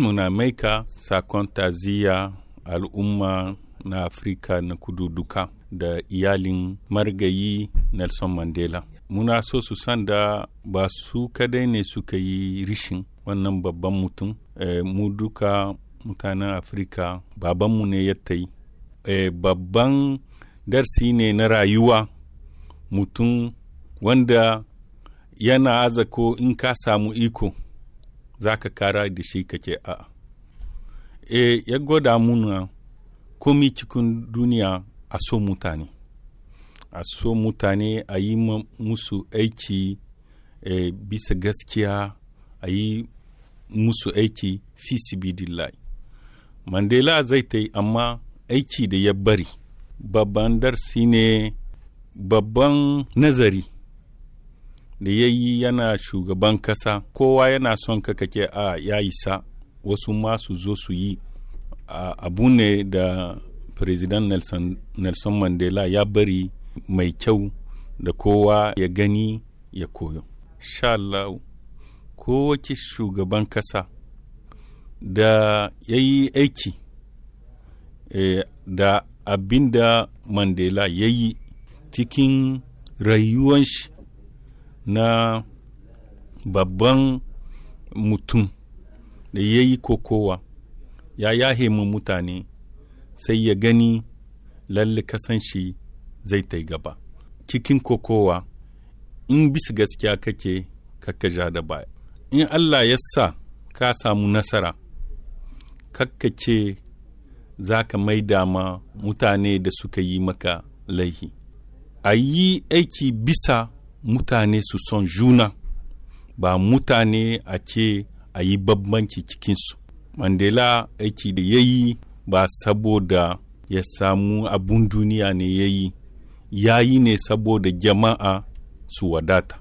muna maika sakon taziya al'umma na afirka na kudu duka da iyalin margayi nelson mandela muna so su san da ba su kadai ne suka yi rishin wannan babban mutum e, mu duka mutanen afirka babanmu ne ya ta yi e, eh, babban darsi ne na rayuwa mutum wanda yana azako in ka samu iko za ka kara da shi kake a e eh, ya gwada muna komi cikin duniya a so mutane a so mutane a yi musu aiki e, bisa gaskiya a yi musu aiki fi sibidillai mandela zai ta amma aiki da ya bari babban darsi ne babban nazari da ya yi yana shugaban kasa kowa yana son ka kake a ya isa wasu ma su zo su yi abu ne da president nelson, nelson mandela ya bari mai kyau da kowa ya gani ya koyo Allah kowace shugaban kasa da ya yi aiki e, da abinda mandela ya yi cikin rayuwan shi na babban mutum da ya yi kokowa ya yahe mu mutane sai ya gani lalle kasan shi zai ta gaba kikin kokowa in bisa gaskiya kake kakka ja da baya in allah ya sa ka samu nasara kakka ce za ka maida ma mutane da suka yi maka laihi a yi aiki bisa mutane su son juna ba mutane a ce a yi babbanci cikinsu mandela aiki da ya yi ba saboda ya samu abun duniya ne ya yi ya yi ne saboda jama'a su wadata